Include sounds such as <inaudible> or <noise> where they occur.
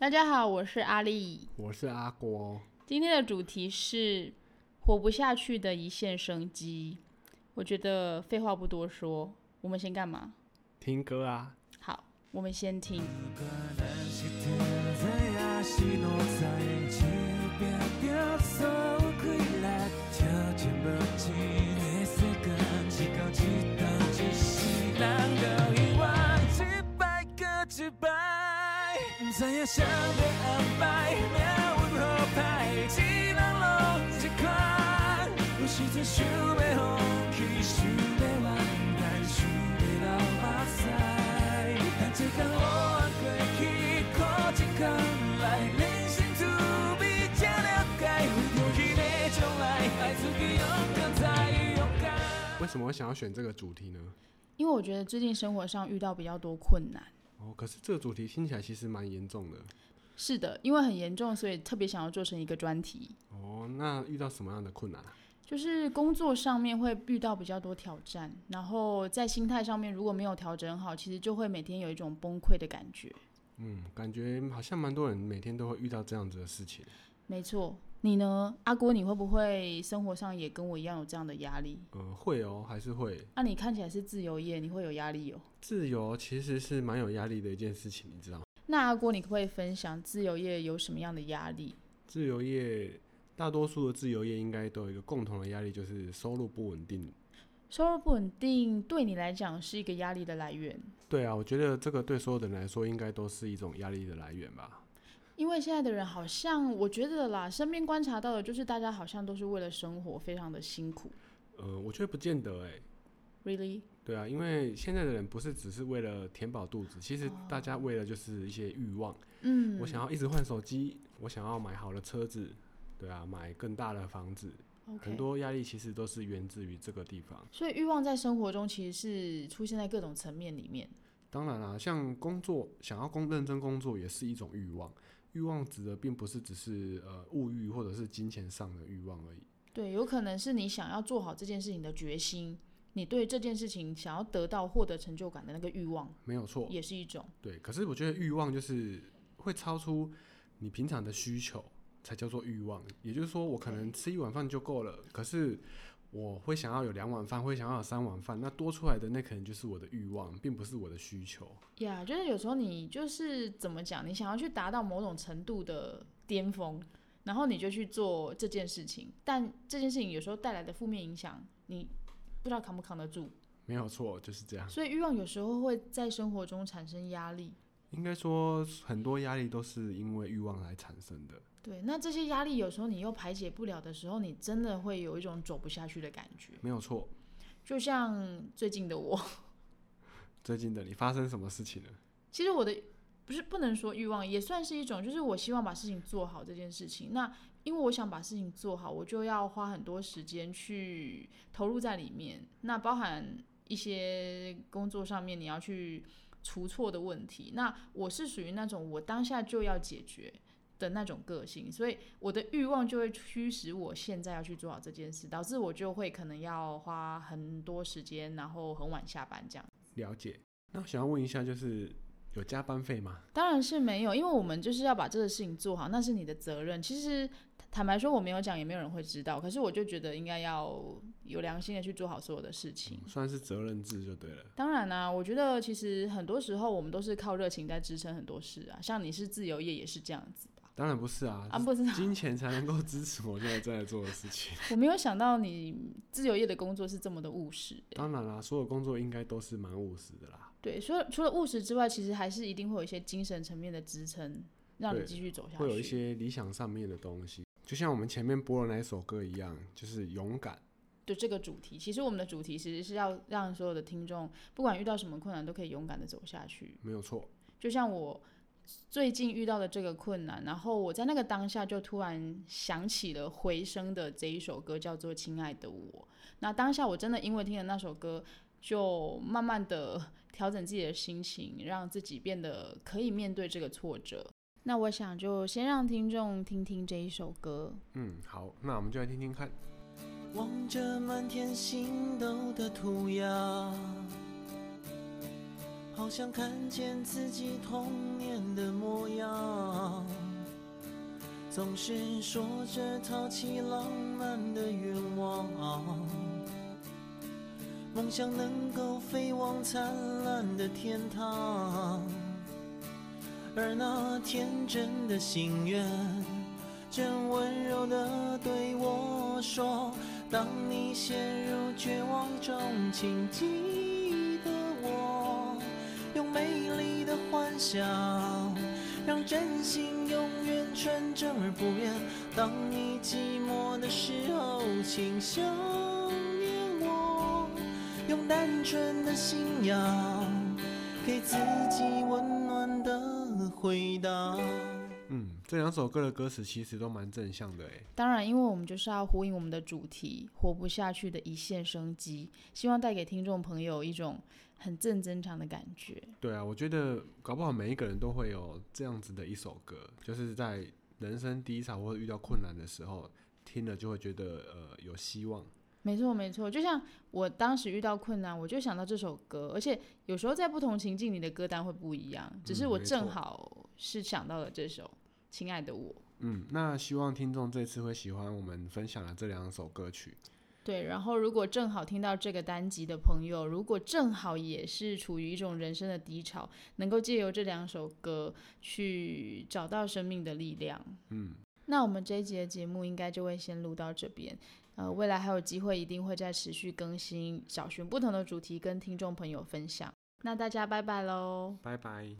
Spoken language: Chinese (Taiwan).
大家好，我是阿麗。我是阿郭。今天的主題是活不下去的一線生機。我覺得廢話不多說，我們先幹嘛？聽歌啊。好，我們先聽。為什麼我想要選這個主題呢？因為我覺得最近生活上遇到比較多困難。哦，可是這個主題聽起來其實蠻嚴重的。是的，因為很嚴重，所以特別想要做成一個專題。哦，那遇到什麼樣的困難？就是工作上面會遇到比較多挑戰，然後在心態上面如果沒有調整好，其實就會每天有一種崩潰的感覺。嗯，感覺好像蠻多人每天都會遇到這樣子的事情。沒錯，你呢，阿郭，你會不會生活上也跟我一樣有這樣的壓力？呃、嗯，會哦，還是會。那、啊、你看起來是自由業，你會有壓力哦。自由其實是蠻有壓力的一件事情，你知道嗎？那阿郭，你可不可以分享自由業有什麼樣的壓力？自由業，大多數的自由業應該都有一個共同的壓力，就是收入不穩定。收入不穩定對你來講是一個壓力的來源？對啊，我覺得這個對所有人來說應該都是一種壓力的來源吧。因為現在的人好像，我覺得啦，身邊觀察到的就是大家好像都是為了生活非常的辛苦。呃，我覺得不見得哎、欸，Really？對啊，因為現在的人不是只是為了填飽肚子，其實大家為了就是一些欲望，嗯，oh. 我想要一直換手機，我想要買好的車子，對啊，買更大的房子，Okay. 很多壓力其實都是源自於這個地方。所以欲望在生活中其實是出現在各種層面裡面。當然啦、啊，像工作，想要工認真工作也是一種欲望。欲望指的並不是只是呃物慾或者是金錢上的欲望而已。對，有可能是你想要做好這件事情的決心，你對這件事情想要得到獲得成就感的那個欲望，沒有錯，也是一種。對，可是我覺得欲望就是會超出你平常的需求，才叫做欲望。也就是說，我可能吃一碗飯就夠了，可是我會想要有兩碗飯，會想要有三碗飯，那多出來的那可能就是我的欲望，並不是我的需求。呀，yeah, 就是有時候你就是怎麼講，你想要去達到某種程度的巔峰，然後你就去做這件事情，但這件事情有時候帶來的負面影響，你不知道扛不扛得住。沒有錯，就是這樣。所以欲望有時候會在生活中產生壓力。應該說，很多壓力都是因為欲望來產生的。對，那這些壓力有時候你又排解不了的時候，你真的會有一種走不下去的感覺。沒有錯，就像最近的我。最近的你發生什麼事情了？其實我的不是不能說欲望，也算是一種，就是我希望把事情做好這件事情。那因為我想把事情做好，我就要花很多時間去投入在裡面，那包含一些工作上面，你要去出錯的問題，那我是屬於那種我當下就要解決的那種個性，所以我的慾望就會驅使我現在要去做好這件事，導致我就會可能要花很多時間，然後很晚下班這樣。了解，那我想要問一下就是。有加班費嗎？當然是沒有，因為我們就是要把這個事情做好，那是你的責任。其實坦白說，我沒有講，也沒有人會知道。可是我就覺得應該要有良心的去做好所有的事情，嗯、算是責任制就對了。當然啦、啊，我覺得其實很多時候我們都是靠熱情在支撐很多事啊。像你是自由業，也是這樣子的，當然、啊、不是啊，金錢才能夠支持我現在正在做的事情。 <laughs> 我沒有想到你自由業的工作是這麼的務實、欸。當然啦、啊，所有工作應該都是蠻務實的啦。對，除了除了務實之外，其實還是一定會有一些精神層面的支撐，讓你繼續走下去。會有一些理想上面的東西，就像我們前面播的那一首歌一樣，就是勇敢。對，這個主題，其實我們的主題其實是要讓所有的聽眾，不管遇到什麼困難，都可以勇敢的走下去。沒有錯。就像我最近遇到的這個困難，然後我在那個當下就突然想起了回聲的這一首歌，叫做《親愛的我》。那當下我真的因為聽了那首歌。就慢慢的調整自己的心情，讓自己變得可以面對這個挫折。那我想就先讓聽眾聽聽這一首歌。嗯，好，那我們就來聽聽看。望着滿天星斗的塗鴉，好像看見自己童年的模樣，總是說着淘氣浪漫的願望，夢想能夠飛往燦爛的天堂，而那天真的心願正溫柔的對我說：當你陷入絕望中，請記得我，用美麗的幻想，讓真心永遠純真而不願，當你寂寞的時候，請笑。用單純信仰給自己溫暖的回答。嗯，這兩首歌的歌詞其實都蠻正向的。當然，因為我們就是要呼應我們的主題，活不下去的一線生機，希望帶給聽眾朋友一種很正增強的感覺。對啊，我覺得搞不好每一個人都會有這樣子的一首歌，就是在人生低潮或者遇到困難的時候，嗯、聽了就會覺得呃有希望。沒錯，沒錯。就像我當時遇到困難，我就想到這首歌。而且有時候在不同情境裡的歌單會不一樣。只是我正好是想到了這首《親愛的我》。嗯，嗯，那希望聽眾這次會喜歡我們分享的這兩首歌曲。對，然後如果正好聽到這個單集的朋友，如果正好也是處於一種人生的低潮，能夠借由這兩首歌去找到生命的力量。嗯，那我們這一集的節目應該就會先錄到這邊。呃，未來還有機會，一定會再持續更新，找尋不同的主題跟聽眾朋友分享。那大家拜拜嘍！拜拜。